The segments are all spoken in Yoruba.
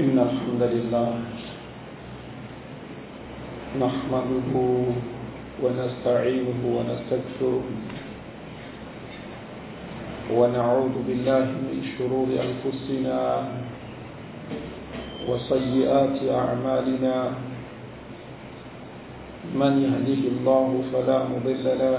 إن الحمد لله نحمده ونستعينه ونستغفره ونعوذ بالله من شرور أنفسنا وسيئات أعمالنا من يهده الله فلا مضل له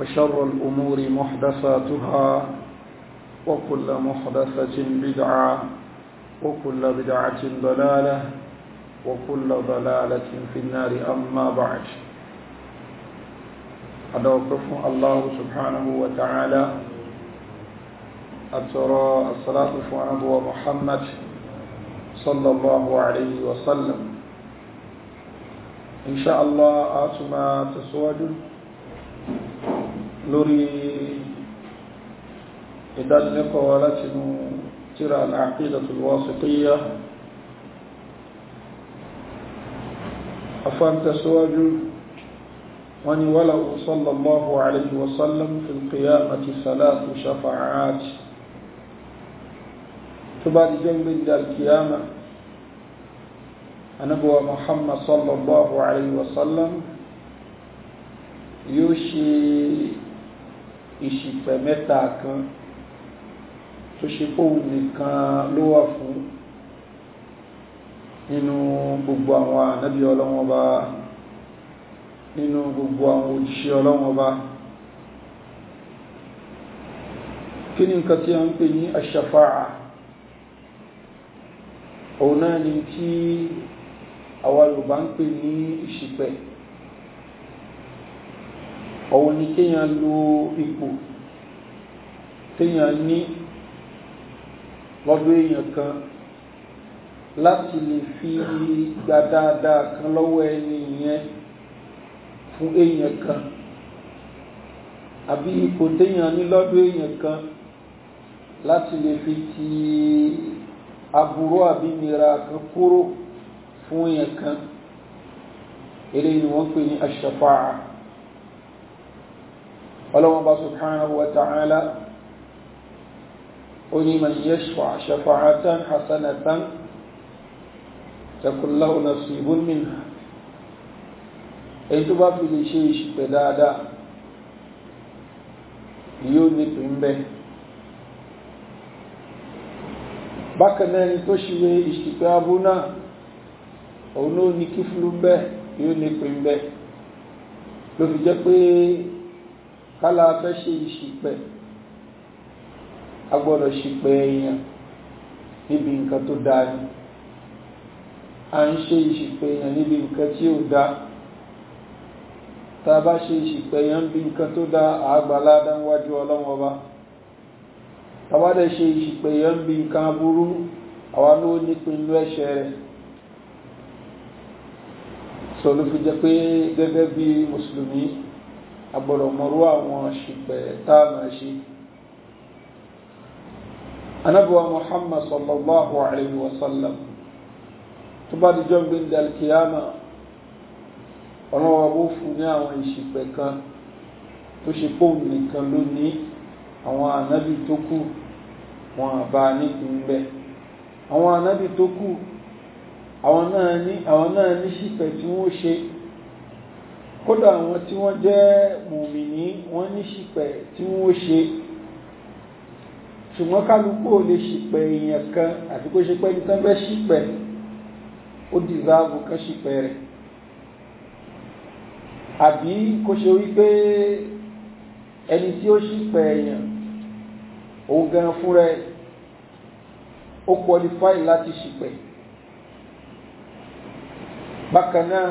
وشر الأمور محدثاتها وكل محدثة بدعة وكل بدعة ضلالة وكل ضلالة في النار أما بعد وقف الله سبحانه وتعالى أترى الصلاة فوانبو محمد صلى الله عليه وسلم إن شاء الله آتما تسواجد lórí ìdánilẹ́kọ̀ọ́ látinú tíra al-Aqidatul Wasitiyyah afán tẹ̀síwájú wọ́n ni wala sallallahu alayhi wa sallam fil qiyamati salatu shafa'at tó bá di jẹ́gbẹ̀ ìdàkìyàmà anabuwa Muhammad sallallahu alayhi wa yóò ṣe ìṣìpẹ̀ mẹ́ta kan tó ṣe kóhùn nìkan ló wà fún nínú gbogbo àwọn ànábí ọlọ́wọ́n bá nínú gbogbo àwọn òjíṣẹ́ ọlọ́wọ́n bá kí ni nǹkan tí a ń pè ní aṣàfáà òun ni tí àwọn Yorùbá ń pè ní ìṣìpẹ̀ ọ̀hun ni kéèyàn lo ipò téèyàn ní lọ́dọ̀ èèyàn kan láti lè fi gba dáadáa kan lọ́wọ́ ẹni yẹn fún èèyàn kan àbí ipò téèyàn ní lọ́dọ̀ èèyàn kan láti lè fi ti aburú àbí kan kúrò fún èèyàn kan eléyìí ni wọ́n pè ní aṣàfáà ọlọ́wọ́n bá subhanahu wa ta'ala ó ní man yashfa' shafa'atan hasanatan takun lahu nasibun minha èyí tó bá fi lè ṣe ìṣìpẹ̀ dáadáa yóò ní pín bẹ́ẹ̀ bákan náà ni tó ṣíwé ìṣìpẹ̀ abú òun ló ní kífìlú bẹ́ẹ̀ yóò ní pín bẹ́ẹ̀ ló fi jẹ́ pé Kala fẹ́ ṣe ìṣìpẹ̀ a gbọ́dọ̀ ṣìpẹ̀ èèyàn níbi nǹkan tó dáa ni a ń ṣe ìṣìpẹ̀ èèyàn níbi nǹkan tí ó dáa tá a bá ṣe ìṣìpẹ̀ èèyàn bí nǹkan tó dáa àgbàládá wájú ọlọ́wọ́n ọba tá a bá dẹ̀ ṣe ìṣìpẹ̀ èèyàn bí nǹkan aburú àwa ló nípinnu ẹ̀ṣẹ̀ rẹ̀ sọ ló fi jẹ́ pé gẹ́gẹ́ bí mùsùlùmí agbọ́dọ̀ mọ̀rú àwọn ṣìpẹ̀ táàmà ṣe anábíwa muhammad sallallahu alayhi wa sallam tó bá di jọ́ gbé dalkiyama ọlọ́wọ́ bó fún ní àwọn ìṣìpẹ̀ kan tó ṣe pò nìkan ló ní àwọn anábì tó kù wọn àbá nípìn bẹ́ẹ̀ àwọn anábì tó kù àwọn náà ní ṣìpẹ̀ tí wọ́n ṣe kódà àwọn tí wọ́n jẹ́ mùmìní wọ́n ní ṣìpẹ̀ tí wọ́n ṣe ṣùgbọ́n kálukú ò lè ṣìpẹ̀ èèyàn kan àti kó ṣe pẹ́ ní tán bẹ́ ṣìpẹ̀ ó dìzáàbù kan ṣìpẹ̀ rẹ̀ àbí kó ṣe wípé ẹni tí ó ṣìpẹ̀ èèyàn òun gan fúnra ẹ̀ ó qualify láti ṣìpẹ̀ bákan náà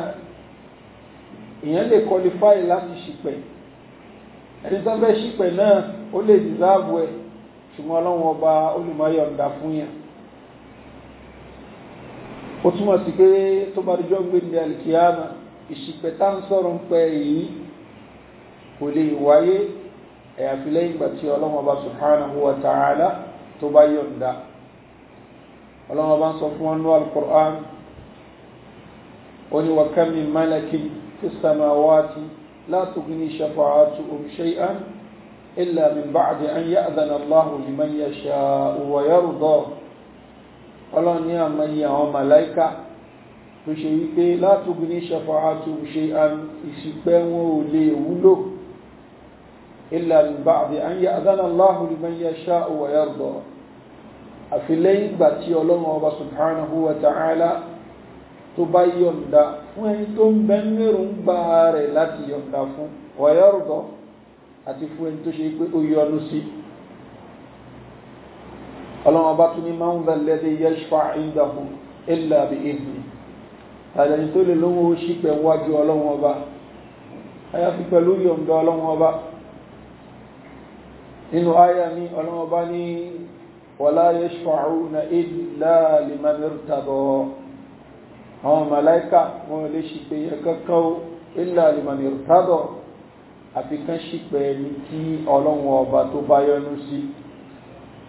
ìyẹn lè qualify láti ṣìpẹ̀ ẹni tó fẹ́ ṣìpẹ̀ náà ó lè deserve ẹ̀ ṣùgbọ́n ọlọ́run ọba olùmọ̀ọ́yọ̀ ń dá fún yàn ó túmọ̀ sí pé tó bá dújọ́ gbé ní alikiyama ìṣìpẹ̀ tá ń sọ̀rọ̀ ń pẹ́ yìí kò lè wáyé ẹ̀yàfi lẹ́yìn ìgbà tí ọlọ́run ọba subhanahu wa ta'ala tó bá yọ̀ǹda ọlọ́run ọba ń sọ fún wọn ní alukur'an ó ní wa kam min في السماوات لا تغني شفاعتهم شيئا إلا من بعد أن يأذن الله لمن يشاء ويرضى ọlọ́run ní àmọ́yí àwọn màláíkà tó ṣe wípé látògbé ní ṣàfàátù ṣe ìṣìpẹ́ wọn ò lè wúlò ilẹ̀ àlùbá àbí àyíyá adánàláhù lùmọ́yá ṣá òwà yàrùdọ̀ àfi lẹ́yìn ìgbà tí ọlọ́run ọba subhanahu wa ta'ala tó bá yọ̀ǹda fún ẹni tó ń bẹ mẹ́rù ń gbà rẹ̀ láti yọ̀ǹda fún ọ̀yọ́rùdọ́ àti fún ẹni tó ṣe pé ó yọnu sí ọlọ́wọ́n bá tún ní máa ń bẹ yẹ́ṣfà ìdáhù illa bi izni tó lè lówó sí pẹ̀ ọlọ́wọ́n ọba àwọn màláíkà wọn lè ṣìpẹ̀ yẹ kankan o ilẹ̀ alimani rutadọ̀ àfi kan ṣìpẹ̀ ní kí ọlọ́run ọba tó bá yọ́nú sí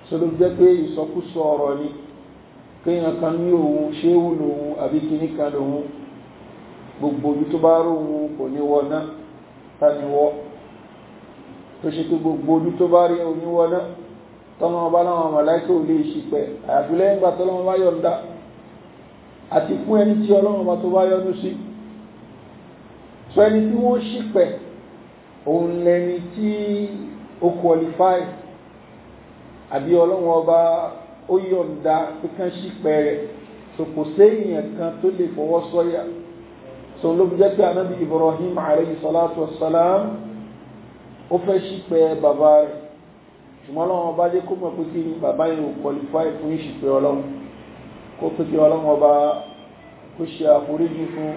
sọlọ́ jẹ́ pé ìsọkúsọ ọ̀rọ̀ ni kéèyàn kan ní òun ṣéwù lòun àbí kíní kan lòun gbogbo ibi tó bá róhun kò ní wọ náà tániwọ́ tó ṣe pé gbogbo ojú tó bá rí oníwọ́ náà tọ́lọ́mọba láwọn màláíkà ò lè ṣìpẹ̀ àyàfi lẹ́yìn gbà tọ́lọ́mọba yọ̀ǹda àti fún ẹni tí ọlọ́run bá tó bá yọ́nú sí so ẹni tí wọ́n ṣìpẹ̀ òun lẹni tí ó qualify àbí ọlọ́run ọba ó yọ̀ǹda pínkán ṣìpẹ̀ rẹ̀ so kò séèyàn kan tó lè fọwọ́ sọ́yà so ló jẹ́ pé anábì Ibrahim alayhi salatu wassalam ó fẹ́ ṣìpẹ̀ bàbá rẹ̀ ṣùgbọ́n ọlọ́run ọba jẹ́ kó mọ̀ pé kí ni bàbá yẹn ò qualify fún ìṣìpẹ̀ ọlọ́run kó tó di ọlọ́wọ́ bá kó ṣe àforíjì fún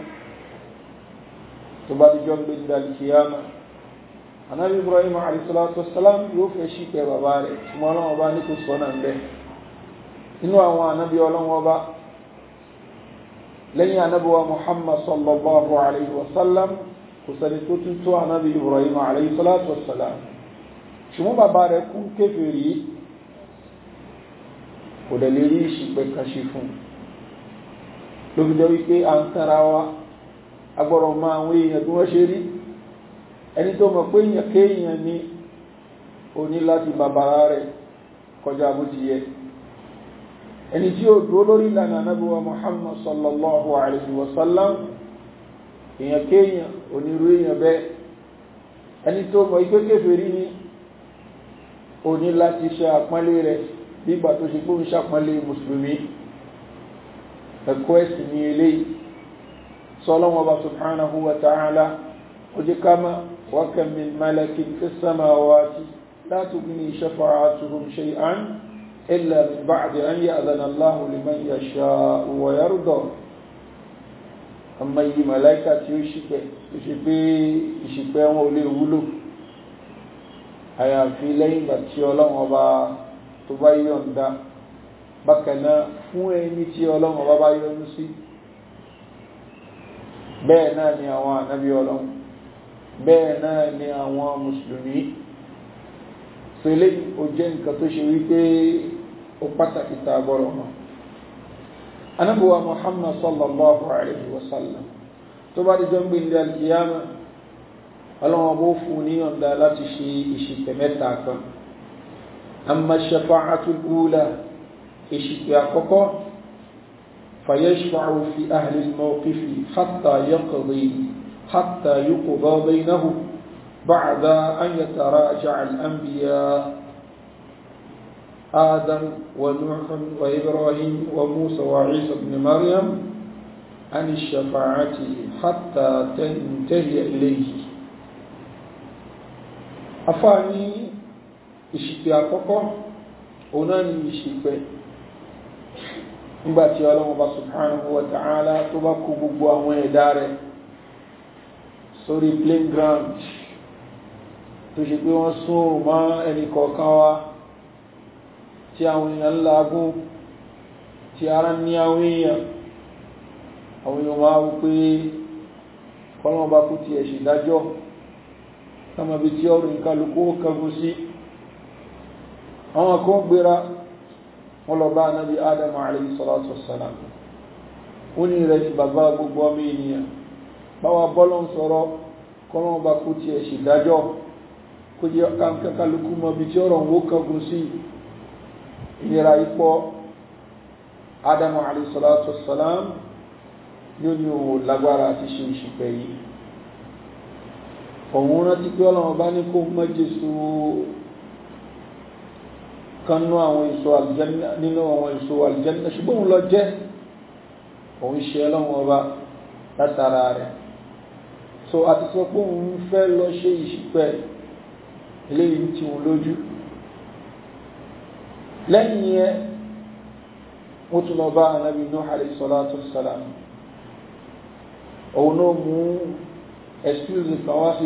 tó bá dijọ́ gbé ní dalikiyama anabi ibrahim alayhisalatu wasalam yóò fẹ́ sí pé bàbá rẹ̀ ṣùgbọ́n ọlọ́wọ́ bá ní kò sọ náà bẹ́ẹ̀ inú àwọn anabi ọlọ́wọ́ bá lẹ́yìn anabi wa muhammad sallallahu alayhi wa sallam kò sẹ́ni tó tún tó anabi ibrahim alayhisalatu ṣùgbọ́n bàbá rẹ̀ kú kèfèrí yìí kò dẹ̀ lè rí ìṣìpẹ̀ kan ṣe fún ló fi jẹ́ wípé à ń tara wa agbọ́rọ̀ mọ àwọn èèyàn bí wọ́n ṣe rí ẹni tó mọ̀ pé èèyàn kéèyàn ni ó ní láti bàbára rẹ̀ kọjá bó ti yẹ ẹni tí ó dúró lórí ìlànà anábíwá Muhammad sallallahu alayhi wa sallam èèyàn kéèyàn onírú èèyàn bẹ́ẹ̀ ẹni tó mọ̀ ìgbé kèfèrí ni ó ní láti ṣe àpọ́nlé rẹ̀ nígbà tó ṣe pé ń ṣàpọ́nlé mùsùlùmí ẹ̀kọ́ ẹ̀sìn ní eléyìí sọ́lọ́wọ́ bá subhanahu wa ta'ala ó jẹ́ ká máa wa kam min malakin fis samawati la tughni shafa'atuhum shay'an illa min ba'di an ya'dhana Allahu liman yasha'u wa yarda àmọ́ yìí màláìkà tí ó ṣìpẹ̀ tó ṣe pé ìṣìpẹ̀ wọn ò lè wúlò àyàfi lẹ́yìn ìgbà tí ọlọ́run tó bá yọ̀ǹda bákanáà fún ẹni tí ọlọ́run bá bá yọ́nú sí bẹ́ẹ̀ náà ni àwọn ànábí ọlọ́run bẹ́ẹ̀ náà ni àwọn mùsùlùmí so eléyìí ó jẹ́ nǹkan tó ṣe wípé ó pàtàkì ta gbọ́rọ̀ mọ́ anábíwá muhammad sallallahu Alaihi Wasallam, sallam tó bá dijọ́ ń gbé ní alkiyama ọlọ́run bó fún níyọ̀ǹda láti ṣe ìṣìkẹ̀ kan أما الشفاعة الأولى إشتيا كوكو فيشفع في أهل الموقف حتى يقضي حتى يقضى بينه بعد أن يتراجع الأنبياء آدم ونوح وإبراهيم وموسى وعيسى بن مريم عن الشفاعة حتى تنتهي إليه أفاني ìṣìpè àkọ́kọ́ òun náà ni ìṣìpè nígbàtí ọlọ́run bá subhanahu wa ta'ala tó bá kó gbogbo àwọn ẹ̀dá rẹ̀ sórí plain ground tó ṣe pé wọ́n sún mọ́ ẹnì kọ̀ọ̀kan wa tí àwọn èèyàn ńlá gún tí ara ní àwọn èèyàn àwọn èèyàn máa wú pé kọ́lọ́run kú ti ẹ̀ṣìn dájọ́ sọmọbi tí ọrùn kálukú kagun sí àwọn kan gbéra wọn lọ bá anábì adam alayhi salatu wassalam ó ní rẹ̀ ti bàbá gbogbo ọmọ ènìyàn báwa bọ́lọ̀ ń sọ̀rọ̀ kọ́lọ́n bá kó tiẹ̀ ṣèdájọ́ kó jẹ́ kankankaluku mọ́ bí tí ọ̀rọ̀ ń wó kankan sí ìlera ipò adam alayhi salatu wassalam yóò ní òun lágbára àti ṣe ìṣìpẹ̀ yìí òun rántí pé ọlọ́run bá ní kó mọ́ jésù kan nú àwọn èso àlùjànnà nínú àwọn èso àlùjànnà ṣùgbọ́n òun lọ jẹ́ òun ṣe ọlọ́run ọba látara rẹ̀ so àti sọ pé òun fẹ́ lọ ṣe ìṣìpẹ̀ eléyìí tí òun lójú lẹ́yìn yẹn wọ́n tún lọ bá anábì Nuh alayhi salatu wassalam òun náà mú excuse kan wá sí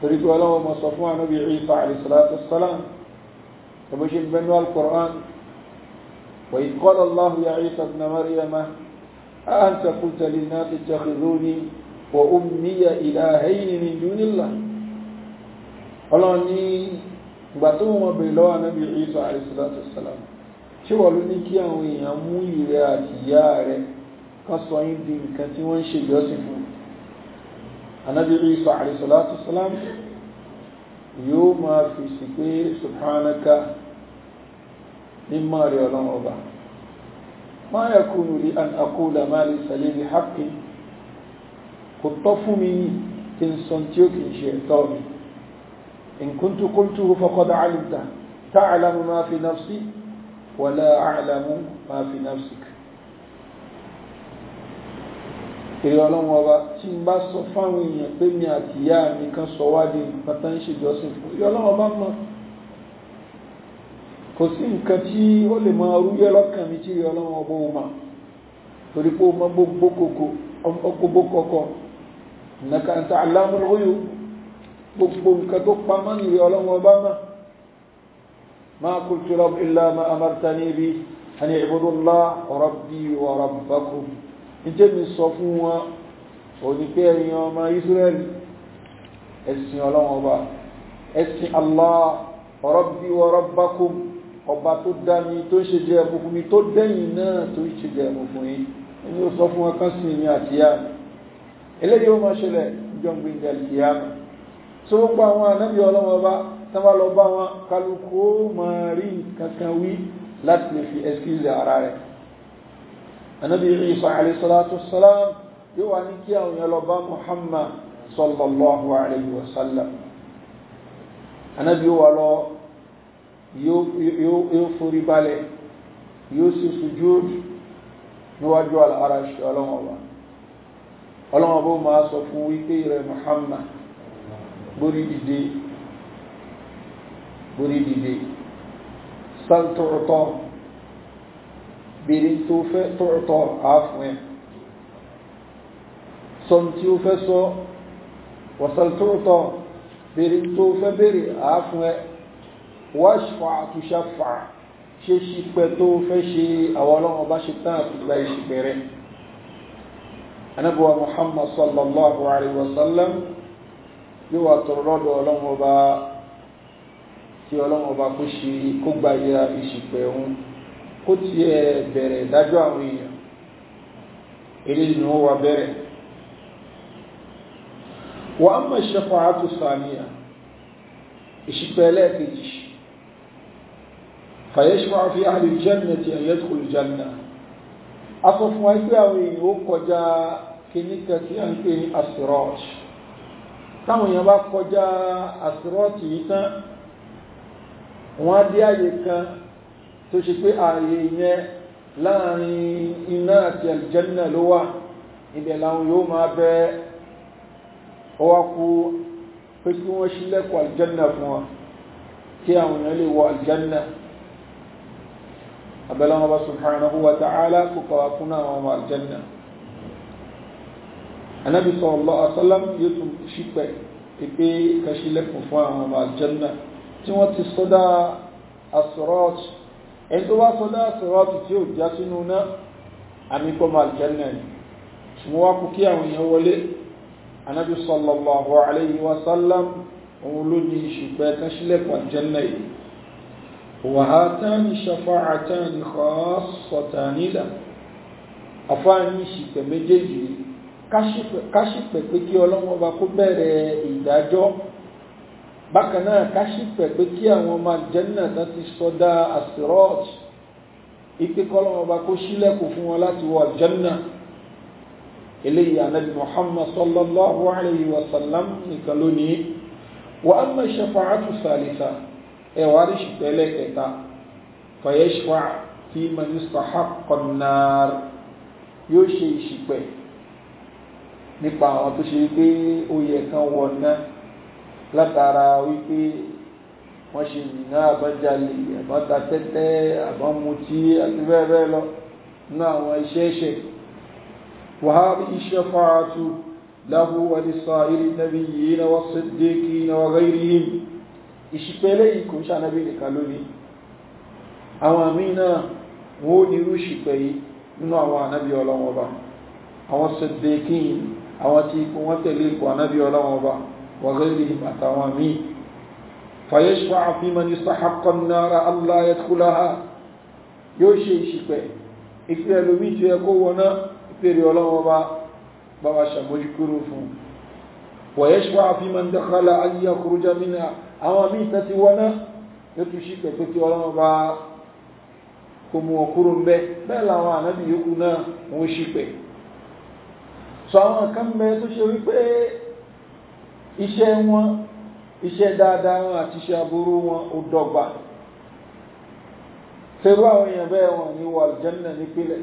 torí pé ọlọ́wọ́ mọ̀ sọ fún anábì Isa alayhi salatu wassalam ẹ̀bọ́ ṣe gbẹ́nu al-Qur'an wa idh qala Allahu ya Isa ibn Maryama a anta qulta lin-nasi ittakhidhuni wa ummiya ilahayni min dunillah lọ́wọ́ anábì Isa alayhi salatu wassalam ṣé ló ní kí àwọn èèyàn mú ìrẹ́ àti ìyá rẹ̀ kan sọ nǹkan tí wọ́n ń ṣèjọ́sìn fún anabi isa alayhi salatu salam yóò máa fi sí pé subhanaka mímọ́ rẹ̀ ọlọ́run ọba ma yakunu li an aqula ma laysa li bi haqqi kò tọ́ fún mi ní kí n sọ tí ó kì í ṣe ẹ̀tọ́ mi in kuntu qultuhu faqad alimta ta'lamu ma fi nafsi wa la a'lamu fi nafsi èrè ọlọ́run ọba tí n bá sọ fáwọn èèyàn pé mi àti ìyá mi kan sọ wá di nǹkan tó ń ṣèjọsìn fún èrè ọlọ́run ọba mọ̀ kò sí nǹkan tí ó lè máa rúyẹ lọ́kàn mi tí èrè ọlọ́run ọba ò mà torí pé ó mọ gbogbo kòkó ọkọ̀gbó kọ̀kọ̀ nǹkan àti alámúlóyò gbogbo nǹkan tó pamọ́ ní ọlọ́run ọba mọ̀ máa kú tí ilá máa amárítà níbi àni rabbi wa rabbakum níjẹ́ mi sọ fún wọn òní pé ẹ̀yin ọmọ Ísírẹ́lì ẹ̀sìn ọlọ́wọ́n ọba ẹ̀sìn Allah rabbi wa rabbakum ọba tó dá mi tó ń ṣe jẹ ẹ̀mú fún mi tó dẹ́yìn náà tó ń ṣe jẹ ẹ̀mú fún yín ẹni ó sọ fún wọn láti lè fi excuse ara rẹ̀ anabi isa alayhi salatu wassalam yóò wá ní kí àwọn yẹn lọ bá muhammad sallallahu alayhi wa sallam anabi yóò wá lọ yóò forí balẹ̀ yóò sì sujud níwájú al-arash ọlọ́wọ́ba ọlọ́wọ́ba máa sọ fún wípé rẹ̀ muhammad borí dìde borí dìde santorotọ́ bèrè tó fẹ́ tọ̀tọ̀ àáfún ẹ̀ sọ tí ó fẹ́ sọ wọ̀sán tọ̀tọ̀ bèrè tó fẹ́ bèrè àáfún ẹ̀ wáṣfà àtúnṣàfà ṣe ṣípẹ́ tó fẹ́ ṣe àwọn ọlọ́run bá ṣe tán àti gba ìṣìpẹ̀ rẹ̀ anabuwa muhammad sallallahu kó tiẹ̀ bẹ̀rẹ̀ dájọ́ àwọn èèyàn eléyìí ni wọ́n wá bẹ̀rẹ̀ wọ́n á mọ̀ ṣẹ́fọ́ àtúnṣàníyà ìṣípẹ́ ẹlẹ́ẹ̀kejì fàyẹ́ṣọ́ fi ahli jannati an yadkhulu janna a sọ fún wa pé àwọn èèyàn ó kọjá kìníkà tí a ń pè ní asirat táwọn èèyàn bá kọjá asirat yìí tán wọ́n á dé àyè kan tó ṣe pé ààyè yẹn láàrin iná àti aljanna ló wà ibẹ̀ láwọn yóò máa bẹ ọwá kú pé kí wọ́n ṣílẹ̀kọ̀ aljanna fún wa kí àwọn èèyàn lè wọ aljanna abẹ́láwọn bá subhanahu wa ta'ala kò kọwa fún àwọn ọmọ aljanna ẹni tó wá kọjá sọ̀rọ̀tù tí ó já sínú náà àmì kọ́ máa jẹ́ náà ni ṣùgbọ́n wá kú kí àwọn èèyàn wọlé anábì sallallahu alayhi wa sallam òun ló ní ìṣùgbẹ́ tán sílẹ̀kùn àjẹ́nà yìí wàhátánì ṣafáàtánì kọ́sọ̀tánì là àfáàní ìṣìpẹ̀ méjèèjì káṣìpẹ̀ pé kí ọlọ́wọ́ bá kó bẹ̀rẹ̀ ìdájọ́ bákan náà ká ṣìpẹ̀ pé kí àwọn ọmọ àjẹ́nà tán ti sọdá asirọ́ọ̀t ipe kọ́lọ́mọ bá kó ṣílẹ̀kùn fún wọn láti wọ àjẹ́nà eléyìí anabi muhammad sallallahu alayhi wa sallam nìkan lónìí wa amma shafa'atu salisa ẹ wàá rí ṣìpẹ̀ ẹlẹ́kẹta fayashfa fi man yustahaqqa an yóò ṣe ìṣìpẹ̀ nípa àwọn tó ṣe pé ó kan wọ̀ náà látara wípé wọ́n ṣe ìrìnà àbájáde àbáta tẹ́tẹ́ àbámutí àti bẹ́ẹ̀ bẹ́ẹ̀ lọ ní àwọn iṣẹ́ ẹ̀ṣẹ̀ wàhálà iṣẹ́ fàátù lahu wa lisa'iri nabiyina wa siddiqina wa ghayrihim ìṣìpẹ̀lẹ̀ yìí kò ṣànábì nìkan lónìí àwọn àmì náà wọ́n ní irú ìṣìpẹ̀ yìí nínú àwọn ànábì ọlọ́wọ́n ọba àwọn siddiqin àwọn tí wọ́n tẹ̀lé ipò ànábì ọlọ́wọ́n ọba وغيرهم أتوامين فيشفع في من يستحق النار الله يدخلها يوشي شكوى إكبر لميت يقونا إكبر يولوما بابا شمجكرو كروفون ويشفع في من دخل أن يخرج منها أوامي تسوانا يتشيك فكي ولوما kòmù ọkùnrin bẹ bẹ́ẹ̀ làwọn ànábì yòókù náà wọ́n ṣípẹ́ sọ àwọn iṣẹ́ wọn iṣẹ́ dáadáa wọn àti iṣẹ́ aburú wọn ó dọ́gba ṣerú àwọn èèyàn bẹ́ẹ̀ wọn ní wà aljanna nípìnlẹ̀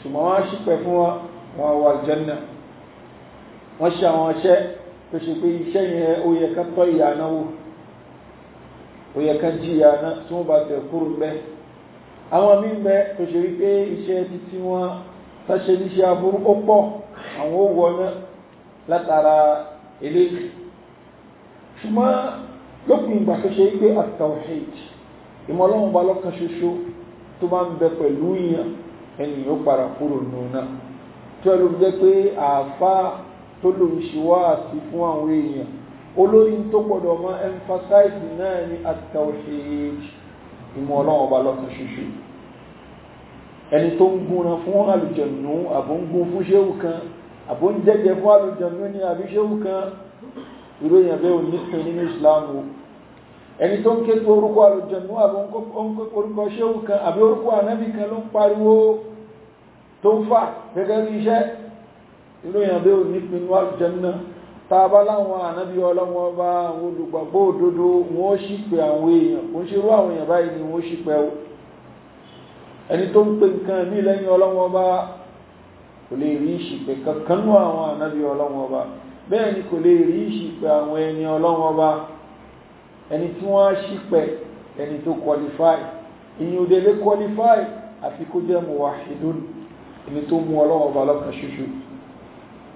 ṣùgbọ́n wọ́n á ṣìpẹ̀ fún wọn wọn wà aljanna wọ́n ṣe àwọn iṣẹ́ tó ṣe pé iṣẹ́ yẹn ó yẹ ká tọ́ ìyá náà wò ó yẹ ká jí ìyá náà tí wọ́n bá tẹ̀ kúrò bẹ́ẹ̀ àwọn míì bẹ́ẹ̀ tó ṣe wípé iṣẹ́ títí wọn táṣe níṣẹ́ aburú ó pọ̀ àwọn ó wọ náà látara eléyìí ṣùgbọ́n lópin ìgbà tó ṣe pé at-tawhid ìmọ̀lọ́wọ́n bá lọ́kàn ṣoṣo tó bá ń bẹ pẹ̀lú ìyàn ẹnìyàn para kúrò nùnà tó ẹ ló fi jẹ́ pé àáfàá tó lòun ṣe wá àti fún àwọn èèyàn olórí tó gbọ́dọ̀ máa emphasize náà ní at ìmọ̀lọ́wọ́n bá lọ́kàn ṣoṣo ẹni tó ń gúnra fún àlùjànnú àbò ń kan àbò ń jẹ́jẹ́ fún àlùjọ̀nú ní àbíṣẹ́wù kan ìròyìn ẹ̀bẹ́ ò ní sin nínú ìsìláàmù ẹni tó ń ké pé orúkọ àlùjọ̀nú àbò ń ké orúkọ ṣéwù kan àbí orúkọ ànábì kan ló ń pariwo tó ń fà gẹ́gẹ́ bí iṣẹ́ ìròyìn ẹ̀bẹ́ ò ní pinnu àlùjọ̀nú tàbá láwọn ànábí ọlọ́wọ́ bá àwọn olùgbàgbọ́ òdodo wọ́n sì kò lè rí ìṣìpẹ̀ kankanú àwọn ànábí ọlọ́wọ́n ọba bẹ́ẹ̀ ni kò lè rí ìṣìpẹ̀ àwọn ẹni ọlọ́wọ́n ọba ẹni tí wọ́n á ṣìpẹ̀ ẹni tó qualify ìyìn òdèlé qualify àfi kó jẹ́ muwahidun ẹni tó mú ọlọ́wọ́n ọba lọ́kàn ṣoṣo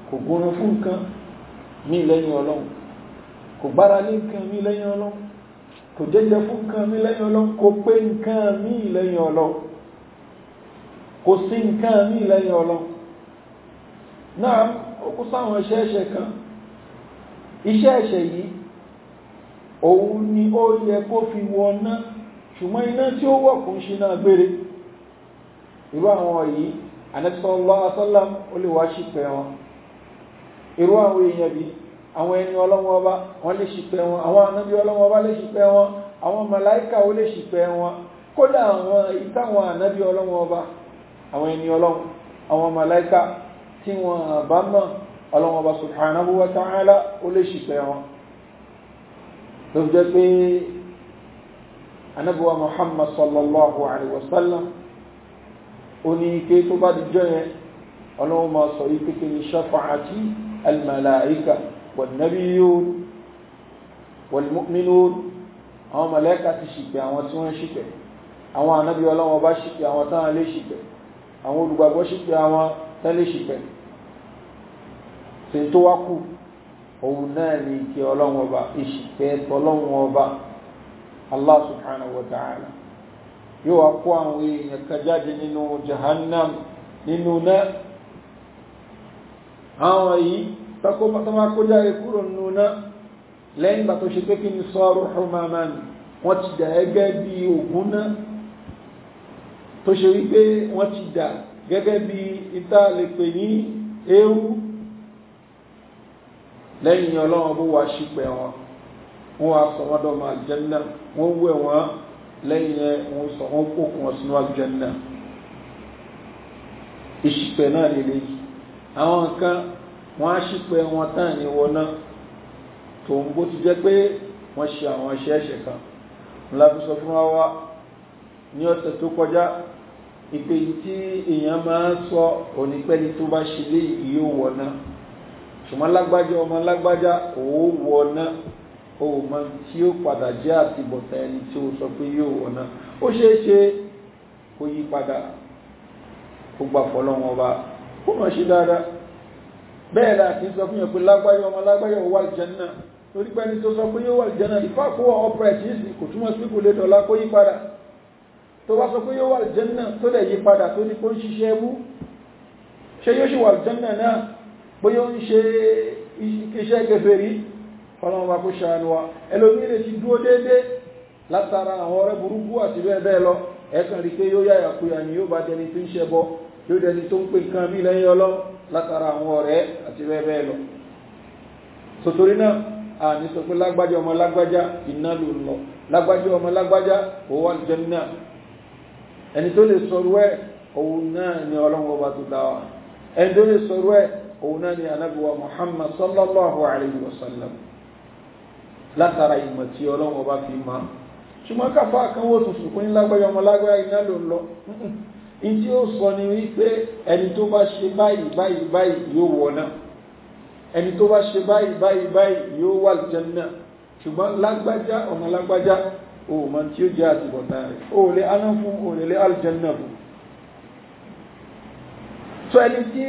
kò gbóná fún nǹkan ní lẹ́yìn ọlọ́run kò gbára lé nǹkan ní lẹ́yìn ọlọ́run kò jẹ́jẹ́ fún nǹkan ní lẹ́yìn ọlọ́run kò pé nǹkan ní lẹ́yìn ọlọ́run kò sí nǹkan ní lẹ́yìn ọlọ́run náà ó kú sáwọn iṣẹ́ ẹ̀ṣẹ̀ kan iṣẹ́ ẹ̀ṣẹ̀ yìí òun ni ó yẹ kó fi wọná ṣùgbọ́n iná tí ó wọ̀ kún ṣe náà gbére irú àwọn yìí anẹ́sọ́lọ́ asọ́lám ó lè wá ṣìpẹ̀ wọn irú àwọn èèyàn bí àwọn ẹni ọlọ́wọ́ bá wọ́n lè ṣìpẹ̀ wọn àwọn anábí ọlọ́wọ́ bá lè ṣìpẹ̀ wọn àwọn màláíkà ó lè ṣìpẹ̀ wọn kódà àwọn ìtàwọn anábí ọlọ́wọ́ àwọn ẹni ọlọ́wọ́ àwọn màláíkà tí wọ́n bá mọ̀ ọlọ́wọ́ba subhanahu wa ta'ala ó lè ṣìpẹ̀ wọn ló fi jẹ́ pé anabuwa muhammad sallallahu alaihi wasallam ó ní ike tó bá dìjọ́ yẹn ọlọ́wọ́ máa sọ yí pípé ní ṣafa'ati almalaika wannabiyun walmu'minun àwọn màláíkà ti ṣìpẹ̀ àwọn tí wọ́n ṣìpẹ̀ àwọn anabi ọlọ́wọ́ sèyí tó wá kù òun náà ní ìkí ọlọ́run ọba ìṣìkẹ́ tọlọ́run ọba allah subhanahu wa ta'ala yóò wá kó àwọn èèyàn kan jáde nínú jahannam nínú náà àwọn yìí tọ́kọ́ kó jáde kúrò nínú náà lẹ́yìn ìgbà tó ṣe pé kí ni sọ́ọ̀rọ̀ ọmọọmọni wọ́n ti dà gẹ́gẹ́ bí ògùn náà tó ṣe wípé wọ́n ti dà gẹ́gẹ́ bí ìta lè pè ní ewu lẹ́yìn ọlọ́run bó wá ṣípẹ́ wọn wọ́n wá sọ wọ́n dọ́mọ àjẹ́nà wọ́n wẹ̀ wọ́n lẹ́yìn ẹ̀ wọ́n sọ wọ́n kókun wọn sínú àjẹ́nà ìṣípẹ́ náà lélẹ̀ yìí àwọn kan wọ́n á ṣípẹ́ wọn tán ní wọn náà tó ń bó ti jẹ́ pé wọ́n ṣe àwọn iṣẹ́ ẹ̀ṣẹ̀ kan láti sọ fún wa ní ọ̀sẹ̀ tó kọjá ìpèyí tí èèyàn máa ń sọ òní pẹ́ni tó bá ṣe lé ìyó wọ̀ náà ṣùgbọ́n lágbájá ọmọ lágbájá òun wọ náà o mọ tí ó padà jẹ́ àtibọ̀tà ẹni tí ó sọ pé yóò wọ̀ náà ó ṣe é ṣe kó yí padà kó gbà fọlọ́wọn ọba kó mọ̀ ṣe dáadáa bẹ́ẹ̀ la kì í sọ fún yẹn pé lágbájá ọmọ lágbájá ò wà àlùjánnà torí pé ẹni tó sọ pé yóò wà àlùjánnà ìfá kó wà upright yìí kò túmọ̀ sí kò lè dọ̀la kó yí padà tó bá sọ pé yóò wà àlùjánnà tó lè yí padà tó ní kó ń ṣiṣẹ́ mú ṣé yóò ṣe wà àlùjánnà náà bóyá ó ń ṣe iṣẹ́ kèfèrí fọ́nàwọn bá kó ṣàánú wa ẹlòmíì lè ti dúó déédéé látara àwọn ọ̀rẹ́ burúkú àti bẹ́ẹ̀ bẹ́ẹ̀ lọ ẹ̀kan rí pé yóò yáyà kuyà ni yóò bá dẹni tí ń ṣe bọ yóò dẹni tó ń pè nǹkan bí lẹ́yìn ọlọ́ látara àwọn ọ̀rẹ́ àti bẹ́ẹ̀ bẹ́ẹ̀ lọ sotori náà àní sọ pé lágbájá ọmọ lágbájá iná ló ń lọ lágbájá ọmọ lágbájá ó wà àlùjánnà ẹni tó lè sọrú ẹ òun náà ni ọlọ́run ọba tó dá wa ẹni tó lè sọrú ẹ òun náà ni anábíwá muhammad sallallahu alayhi wa sallam látara ìmọ̀ tí ọlọ́run ọba fi máa ṣùgbọ́n káfá kan wò tuntun pé ńlágbáyà ọmọ lágbáyà iná ló ń lọ ìdí ó sọ ni wípé ẹni tó bá ṣe báyìí báyìí báyìí yóò wọ náà ẹni tó bá ṣe báyìí báyìí báyìí yóò wà lìjẹ́nà ṣùgbọ́n lágbájá ọmọ lágbájá o mọ tí ó jẹ́ àtìbọ̀tà rẹ̀ o lè aná fún o lè lé àlìjẹ́nà fún. tó ẹni tí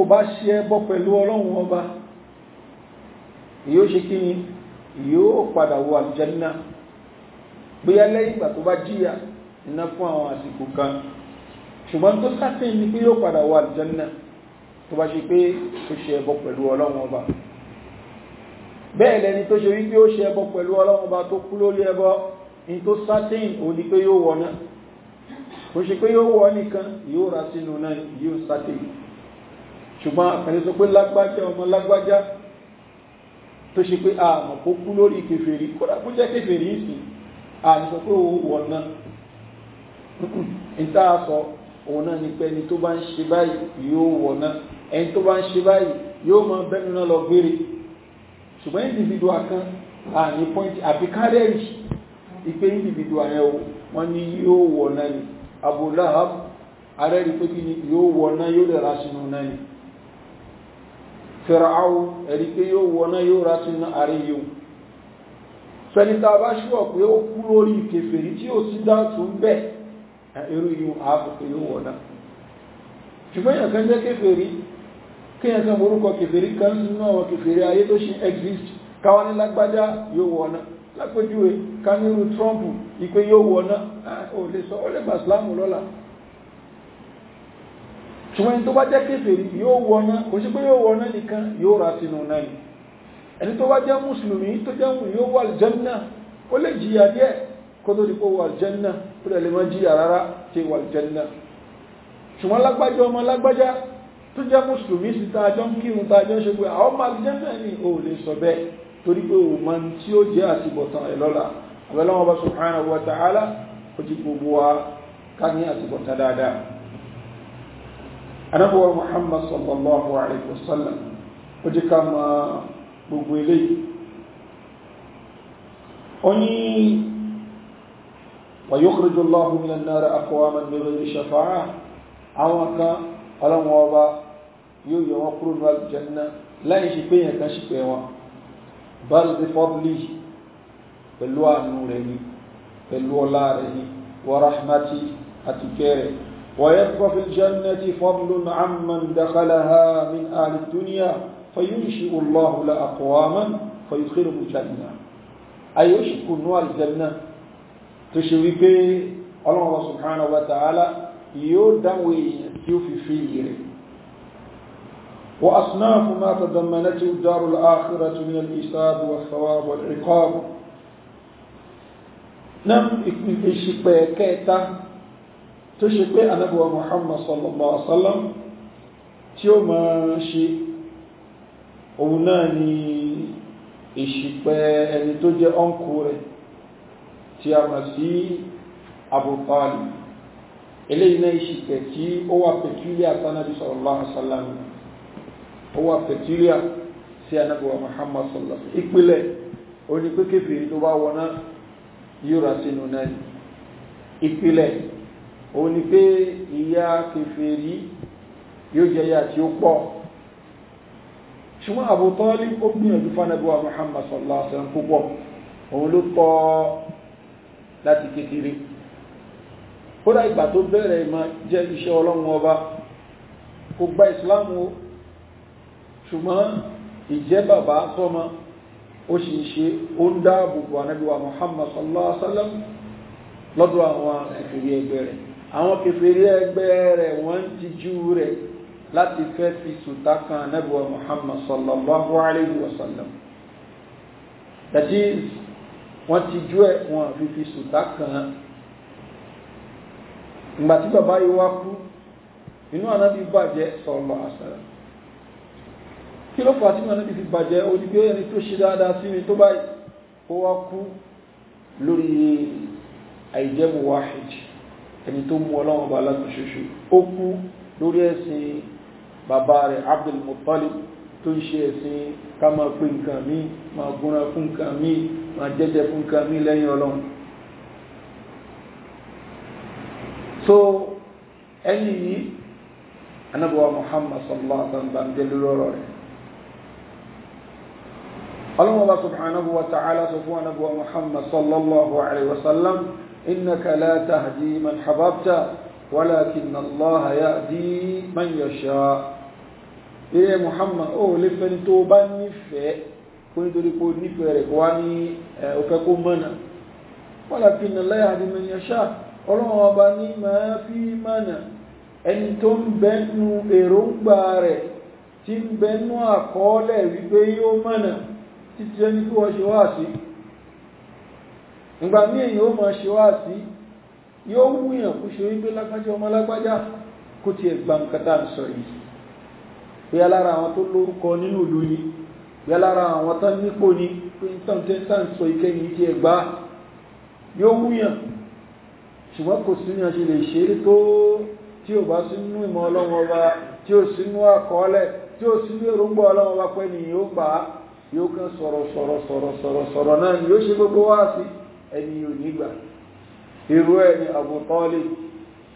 kò bá ṣe ẹbọ pẹ̀lú ọlọ́run ọba yóò ṣe kí ni yóò padà wọ àlùjánnà bóyá lẹ́yìn ìgbà tó bá jíyà iná fún àwọn àsìkò kan ṣùgbọ́n tó sáfihàn ni pé yóò padà wọ àlùjánnà tó bá ṣe pé ó ṣe ẹbọ pẹ̀lú ọlọ́run ọba bẹ́ẹ̀ lẹni tó ṣe wípé ó ṣe ẹbọ pẹ̀lú ọlọ́run ọba tó kú lórí ẹbọ ní tó sáfihàn òun ni pé yóò wọ náà kò ṣe pé yóò wọ nìkan yóò ra sínú náà yóò sáfihàn ṣùgbọ́n àkàlẹ́ sọ pé lágbájá ọmọ lágbájá tó ṣe pé àmọ̀ kó kú lórí kèfèrí kódà kó jẹ́ kèfèrí ìsìn àti sọ pé òun wọ̀ náà níta sọ òun náà ni pé ẹni tó bá ń ṣe báyìí yóò wọ̀ náà ẹni tó bá ń ṣe báyìí yóò máa bẹ́nu náà lọ gbére ṣùgbọ́n individual kan àní point àbí kárẹ́ẹ̀jì ìpé individual yẹn wọ́n ni Abu Lahab arẹ́rìí pé kí ni yóò wọ̀ náà yóò náà ni fẹ̀ràáwò ẹ̀rí pé yóò wọná yóò rá sínú ààrẹ yóò fẹ́nita bá ṣúwọ̀ pé kú lórí kèfèrí tí ó sí dáàtù ń bẹ̀ ẹ̀rú yóò ààbùkù yóò wọná ṣùgbọ́n yàn kan jẹ́ kèfèrí kíyàn kan orúkọ kèfèrí kan ayé tó ṣe exist Trump sọ ṣùgbọ́n ẹni tó bá jẹ́ kéfèrí yóò wọná kò sí pé yóò wọná nìkan yóò ra sínú náà ni ẹni tó bá jẹ́ mùsùlùmí tó jẹ́ mù yóò wà jẹ́nà ó lè jìyà díẹ̀ kó tó di pé wà jẹ́nà ó lè lè má jìyà rárá tí wà jẹ́nà ṣùgbọ́n lágbájá ọmọ lágbájá tó jẹ́ mùsùlùmí sí tààjọ́ ń kírun tààjọ́ ṣe pé àwọn máa jẹ́nà ni ò lè sọ bẹ́ẹ̀ torí pé ò mọ tí ó jẹ́ àtibọ̀tán ẹ̀ lọ́la àbẹ́lẹ́wọ̀n bá subhanahu wa ta'ala ó ti gbogbo wa ká ní àtibọ̀tán dáadáa anábọ̀wọ̀ muhammad sallallahu alayhi wa sallam ó jẹ́ ká ma gbogbo eléyìí ó ní wa yukhrijul lahu minan nari aqwaman bighayri shafa'a àwọn kan ọlọ́wọ́ ọba yóò yọ wọn kúrò ní aljanna láì ṣe pé kan ṣe pé wọn bi fadlihi pẹ̀lú àánú rẹ̀ ni pẹ̀lú ọlá rẹ̀ ni wa rahmati àti kẹrẹ̀ ويبقى في الجنة فضل عمن دخلها من أهل الدنيا فينشئ الله لأقواما فيدخلهم الجنة أي يشك نوال الجنة تشويبه الله سبحانه وتعالى يدوي يوفي فيه وأصناف ما تضمنته الدار الآخرة من الإساب والثواب والعقاب نعم إشباكاته tó ṣe pé anábíwa muhammad sallallahu alaihi wasallam tí ó ma ṣe òun náà ni ìṣìpẹ̀ ẹni tó jẹ́ ọ́nkù rẹ̀ tí a mọ̀ sí Abu Talib eléyìí náà ìṣìpẹ̀ tí ó wà peculiar tánàbí sallallahu alaihi wasallam ó wà peculiar sí anábíwa muhammad sallallahu alaihi wasallam òun ni pé ìyá kèfèrí yóò jẹ́ ìyá tí ó pọ̀ ṣùgbọ́n Abu ó gbìyànjú fánàbíwá Muhammad sallallahu alaihi wasallam púpọ̀ òun ló tọ́ láti kékeré kódà ìgbà tó bẹ̀rẹ̀ ma jẹ́ iṣẹ́ ọlọ́run ọba kò gba ìsìláàmù o ṣùgbọ́n ìjẹ́ bàbá sọ́mọ ó sì ń ṣe ó ń dáàbò bò ànábì wa Muhammad sallallahu alaihi lọ́dọ̀ àwọn ìfìrí ẹgbẹ́ àwọn kèfèrí ẹgbẹ́ rẹ̀ wọ́n ń tijú rẹ̀ láti fẹ́ fi sùtá kan nẹ́bùwà muhammad sallallahu alayhi wa sallam that is wọ́n tijú ẹ̀ wọ́n fi fi sùtá kan ìgbà tí bàbá yìí wá kú inú ànábì bàjẹ́ sallallahu alayhi wa sallam kí ló fà á tí mo ànábì fi bàjẹ́ ó di ẹni tó ṣe dáadáa sí mi tó báyìí ó wá kú lórí àìjẹ́mu wáhìdì ẹni tó mú ọlọ́run ọba aláàkùn ṣoṣo ó kú lórí ẹ̀sìn bàbá rẹ̀ Abdul Muttalib tó ń ṣe ẹ̀sìn ká máa pè nǹkan míì máa gúnra fún nǹkan míì máa jẹ́jẹ́ fún nǹkan míì lẹ́yìn ọlọ́run so ẹni yìí anábọ̀wá Muhammad sallallahu alaihi wa sallam bá ń jẹ́ lórí ọ̀rọ̀ rẹ̀ ọlọ́run ọba subhanahu إنك لا تهدي من حببت ولكن الله يهدي من يشاء إيه محمد أو لفن توبا نفع كنت تقول نفع ركواني أفكو منا ولكن الله يهدي من يشاء ọlọ́run ọba ما في منا أنتم ẹni tó ń bẹnu èròǹgbà rẹ̀ tí ń bẹnu ìgbà mí èyàn ó máa ṣe wá sí yóò wúyàn kú ṣe wípé lágbájá ọmọ lágbájá kó tiẹ̀ gba nǹkan ń sọ yìí bóyá lára àwọn tó lórúkọ nínú ìlú ni bóyá lára àwọn tán nípò ni pé tán tẹ́ tá à ń sọ ìkẹyìn tiẹ̀ gbá yóò wúyàn ṣùgbọ́n kò sí ní ọṣẹ lè ṣe é tó tí ò bá sínú ìmọ̀ ọlọ́run ọba tí ò sínú àkọọ́lẹ̀ tí ó sì ní èròǹgbà ọlọ́wọ́ ni yóò bá yóò kàn sọ̀rọ̀ sọ̀rọ̀ sọ̀rọ̀ sọ̀rọ̀ sọ̀rọ̀ náà ni ẹni yóò nígbà irú ẹ̀ ni Abu Talib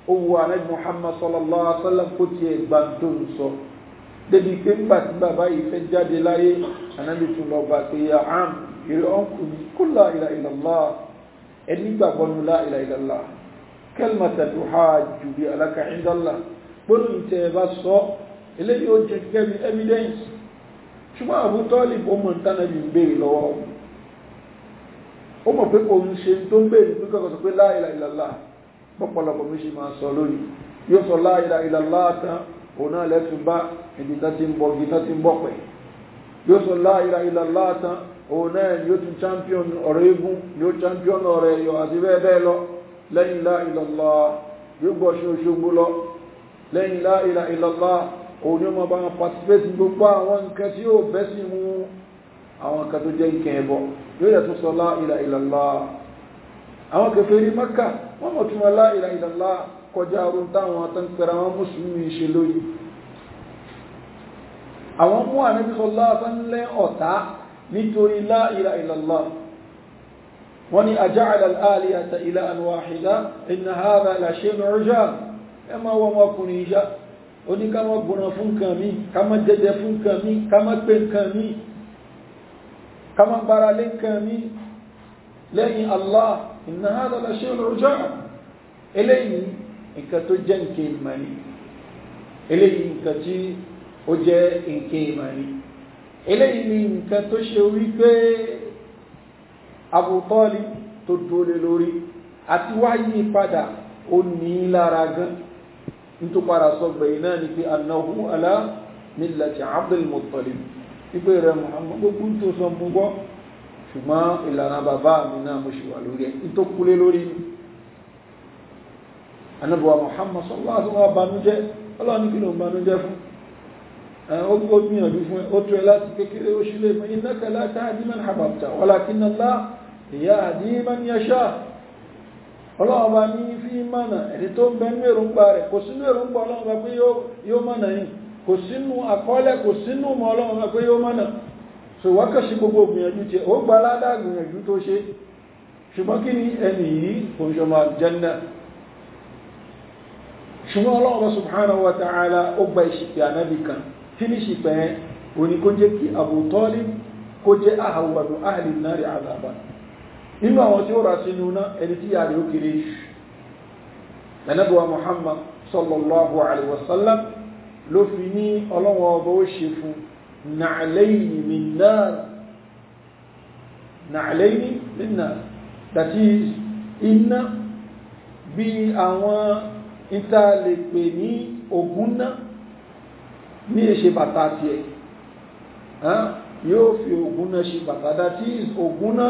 ó wu anabi Muhammad sallallahu alaihi wa sallam kó tiẹ̀ gbà tó ń sọ débi pé ńgbà tí bàbá yìí fẹ́ jáde láyé anabi tún lọ bá pé ya am ìrẹ́ ọkùnrin kó la ilaha illallah ẹni gbàgbọ́ nu la ilaha illallah kẹlmata tó ha jùlọ alaka ìdọ́là gbọ́nà ìtẹ́ ẹ̀bá sọ eléyìí ó jẹ́ kẹ́mi evidence ṣùgbọ́n Abu Talib ó mọ̀ ntánabi ń béèrè lọ́wọ́ ó mọ̀ pé kò ń ṣe tó ń bèèrè tó kẹ́kọ̀ọ́ sọ pé la ilaha illallah pọ̀pọ̀lọpọ̀ méjì máa sọ lórí yóò sọ la ilaha illallah tán òun náà lẹ́tún bá ibi tán ti ń bọ̀ ibi tán ti ń bọ̀ pẹ̀ yóò sọ la ilaha tán òun náà yóò tún champion ọ̀rọ̀ eégún yóò champion ọ̀rọ̀ ẹ̀yọ àti bẹ́ẹ̀ bẹ́ẹ̀ lọ lẹ́yìn la ilaha illallah yóò gbọ́ ṣe Òṣogbo lọ lẹ́yìn la ilaha illallah òun ni ó máa bá wọn participate gbogbo àwọn nǹkan tí yóò bẹ́ sí mu àwọn nǹkan tó jẹ́ nǹkan ẹ̀bọ̀ yóò yẹ tún sọ lá ilà ìlàlá àwọn kèfèrí mẹ́kà wọ́n mọ̀ tún lá ilà ìlàlá kọjá arun táwọn atánpẹ̀rẹ̀ àwọn mùsùlùmí ṣe lóyìí àwọn mú ànábì sọlá sánlẹ̀ ọ̀tá nítorí lá ilà ìlàlá wọ́n ni àjáàlá alìyàtà ilà ànúwàhìdá iná hàrà làṣẹ́ nùrújà ẹ máa wọ́n ọkùnrin iṣá oníkàwọn kama gbára lé nǹkan mi lẹ́yìn allah inna hadha la shay'un ujab eléyìí nǹkan tó jẹ́ nǹkan ìmọ̀ ni eléyìí nǹkan tí ó jẹ́ nǹkan ìmọ̀ ni eléyìí ni nǹkan tó ṣe wípé Abu Talib tó dúró lórí àti wáyé padà ó ní lára gan nítorí padà sọ gbẹ̀yìn náà ni pé annahu ala millati Abdul Muttalib wípé rẹ̀ Muhammad gbogbo tó sọ mú gbọ́ ṣùgbọ́n ìlànà bàbá mi náà mo ṣì wà lórí ẹ̀ ní tó kúlé lórí anábọ̀wà Muhammad sallallahu alaihi wasallam banújẹ́ ọlọ́run kí ló ń banújẹ́ fún ó gbó gbìyànjú fún ó tó ẹ láti kékeré ó ṣílé mọ́ innaka la tahdi man ahbabta walakinna Allah yahdi bá ní fi mọ́nà ẹni tó ń bẹ ní èròǹgbà rẹ̀ kò sínú èròǹgbà ọlọ́run bá pé yóò mọ́nà yìí kò sínú àkọọ́lẹ̀ kò sínú mọ́ ọlọ́run ẹgbẹ́ yóò mọ́nà so wákàṣí gbogbo gbìyànjú tí ó gba aládá gbìyànjú tó ṣe ṣùgbọ́n kí ni ẹni yìí kò ṣọmọ aljanna ṣùgbọ́n ọlọ́run subhanahu wa ta'ala ó gba ìṣìpẹ̀ ànábì kan kí ní ṣìpẹ̀ òní kó jẹ́ kí Abu sallallahu alaihi wasallam ló fi ní ọlọ́wọ́ ọba ó ṣe fún nàálẹ́yìn nínà that is iná bí àwọn ìta lè pè ní ògúnná ní èṣe bàtà tí ẹ̀ yóò fi ògúnná ṣe bàtà that is ògúnná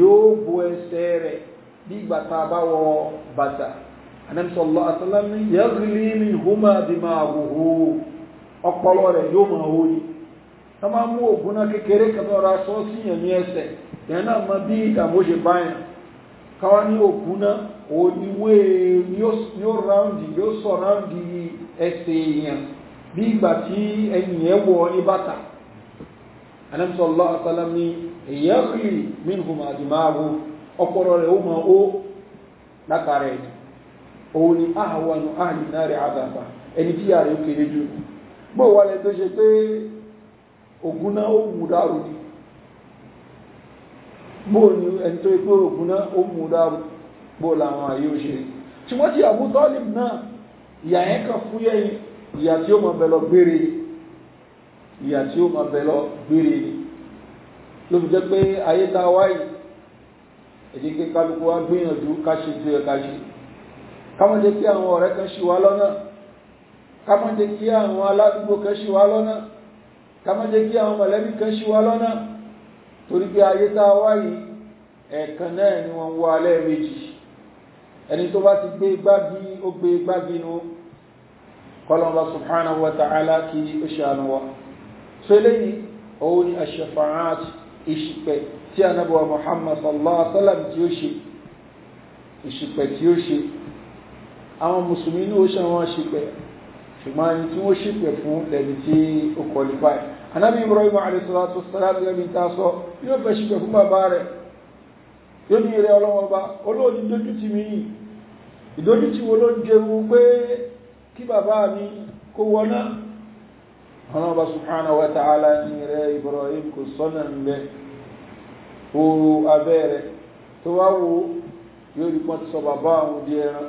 yóò bo ẹsẹ̀ rẹ̀ bí bàtà bá wọ bàtà Ànábì sallallahu alaihi wasallam yaghli minhuma dimaghuhu ọpọlọ rẹ̀ yóò máa wó ni ẹ máa mú ògùn náà kékeré kẹtọ́ ra sọ́ síyàn ní ẹsẹ̀ ìyẹn náà mọ bí ìdààmú ṣe báyàn káwá ní ògùn náà oníwé yóò ráùndì yóò sọ ráùndì ẹsẹ̀ èèyàn bí ìgbà tí ẹ̀yìn ẹ̀ wọ ní bàtà Ànábì sallallahu alaihi wasallam ní yaghli minhuma dimaghuhu ọpọlọ rẹ̀ ó máa ó látara ẹ̀yìn òun ni ahwanu ahli nari adaba ẹni tí yàrá kéré jù bó wà lẹ́ tó ṣe pé ògùn náà ó mú dárò ní bó ni ẹni tó pé ògùn náà ó mú dárò bó làwọn àyè ó ṣe ṣùgbọ́n tí Abu Talib náà ìyà yẹn kan fúyẹ́ ìyà tí ó mọ̀ bẹ̀lọ gbére ìyà tí ó mọ̀ bẹ̀lọ gbére ló fi jẹ́ pé ayé ta wáyé ẹ̀jẹ̀ káwọn jẹ́ kí àwọn ọ̀rẹ́ kan ṣì wá lọ́nà káwọn jẹ́ kí àwọn aládùúgbò kan ṣì wá lọ́nà káwọn jẹ́ kí àwọn mọ̀lẹ́bí kan ṣì wá lọ́nà torí pé ayé tá a wá yìí ẹ̀ẹ̀kan náà ni wọ́n wọ alẹ́ méjì ẹni tó bá ti gbé gbági ó gbé gbági nu kọlọ́mọba subhanahu wa ta'ala kí ó ṣàánú wa so eléyìí òun ni aṣèfàáàt ìṣìpẹ̀ tí anabuwa muhammad sallallahu alaihi wa sallam tí ó ṣe ìṣìpẹ̀ tí ó ṣe àwọn mùsùlùmí inú oṣù wọn ṣìpẹ̀ ṣùgbọ́n ẹni tí wọ́n ṣìpẹ̀ fún lẹ́ni tí ó qualify anábì Ibrahim alaihissalatu wassalam lẹ́bi ta sọ yóò fẹ́ ṣìpẹ̀ fún bàbá rẹ̀ yóò ní eré ọlọ́wọ́ bá olóòdì dójútì mi yìí ìdójútì wo ló ń jẹun pé kí bàbá mi kó wọná ọlọ́wọ́ subhanahu wa ta'ala ní rẹ̀ Ibrahim kò sọ́nà ń bẹ ooru abẹ́rẹ̀ tó wá wo yóò rí pọ́n ti sọ bàbá àwọn di ẹran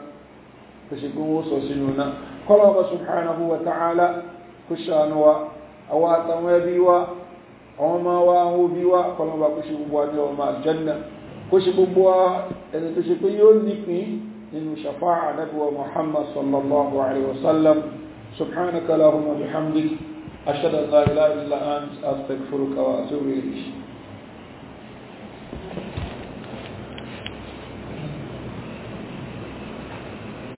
tó ṣe gbóhùn ó sọ sínú náà kọ́lọ̀ ọba subhanahu wa ta'ala kó ṣàánú wa àwọn àtàwọn ẹbí wa àwọn ọmọ wa àwọn òbí wa kọ́lọ̀ ọba kó ṣe gbogbo àjọ ọmọ àjẹ́nà kó ṣe gbogbo ẹni tó ṣe pé yóò nípìn nínú ṣàfáà àdábíwa muhammad sallallahu alaihi wasallam سبحانك اللهم وبحمدك أشهد أن لا إله إلا أنت أستغفرك وأتوب إليك